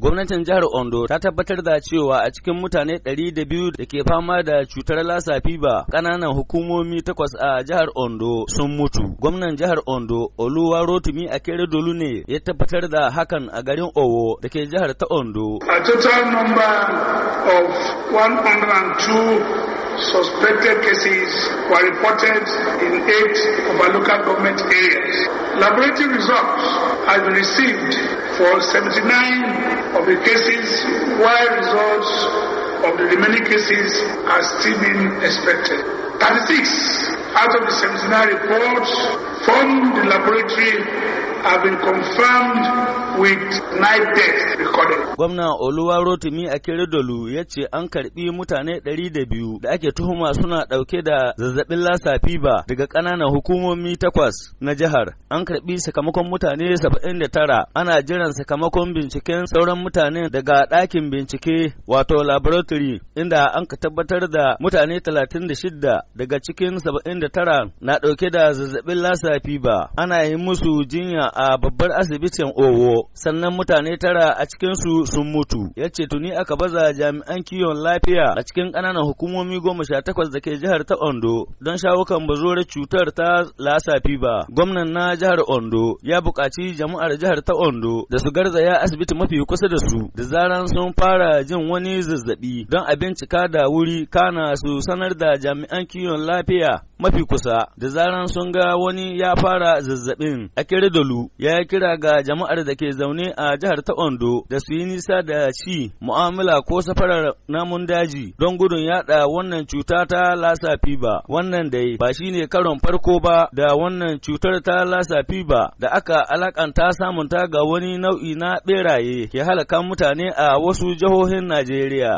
Gwamnatin jihar Ondo ta tabbatar da cewa a cikin mutane 200 da ke fama da cutar lasa fiba ƙananan hukumomi takwas a jihar Ondo sun mutu. Gwamnan jihar Ondo kere dolu ne ya tabbatar da hakan a garin Owo da ke jihar ta Ondo. A total number of 102 suspected cases were reported in eight of our local government areas. Laboratory results have been received for 79 of the cases, while results of the remaining cases are still being expected. 36 out of the 79 reports from the laboratory have been confirmed with night deaths recorded. Gwamna Oluwarotimi Akeredolu ya ce an karbi mutane 200 da ake tuhuma suna dauke da zazzabin lasa fiba daga ƙananan hukumomi takwas na jihar. An karbi sakamakon mutane 79 ana jiran sakamakon binciken sauran mutane daga ɗakin bincike wato laboratory inda an ka tabbatar da mutane 36 daga cikin 79 na ɗauke da zazzabin lasa fiba. Ana yi musu jinya a babbar asibitin Owo, sannan mutane tara a cikinsu sun mutu. Ya ce tuni aka baza jami'an kiwon lafiya a cikin ƙananan hukumomi goma sha takwas da ke jihar ta Ondo don shawo kan bazuwar cutar ta lasa fiba. Gwamnan na jihar Ondo ya buƙaci jama'ar jihar ta Ondo da su garzaya asibiti mafi kusa da su da zaran sun fara jin wani zazzabi don a bincika da wuri kana su sanar da jami'an kiwon lafiya mafi kusa da zaran sun ga wani ya fara zazzabin lu ya kira ga jama'ar da ke zaune a jihar ta Ondo da su yi nisa da shi mu'amala ko safarar namun daji don gudun yada wannan cuta ta lasa fiba wannan dai ba shi ne karon farko ba da wannan cutar ta lasa fiba da aka alakanta samunta ga wani nau'i na beraye ke halakan mutane a wasu jihohin Najeriya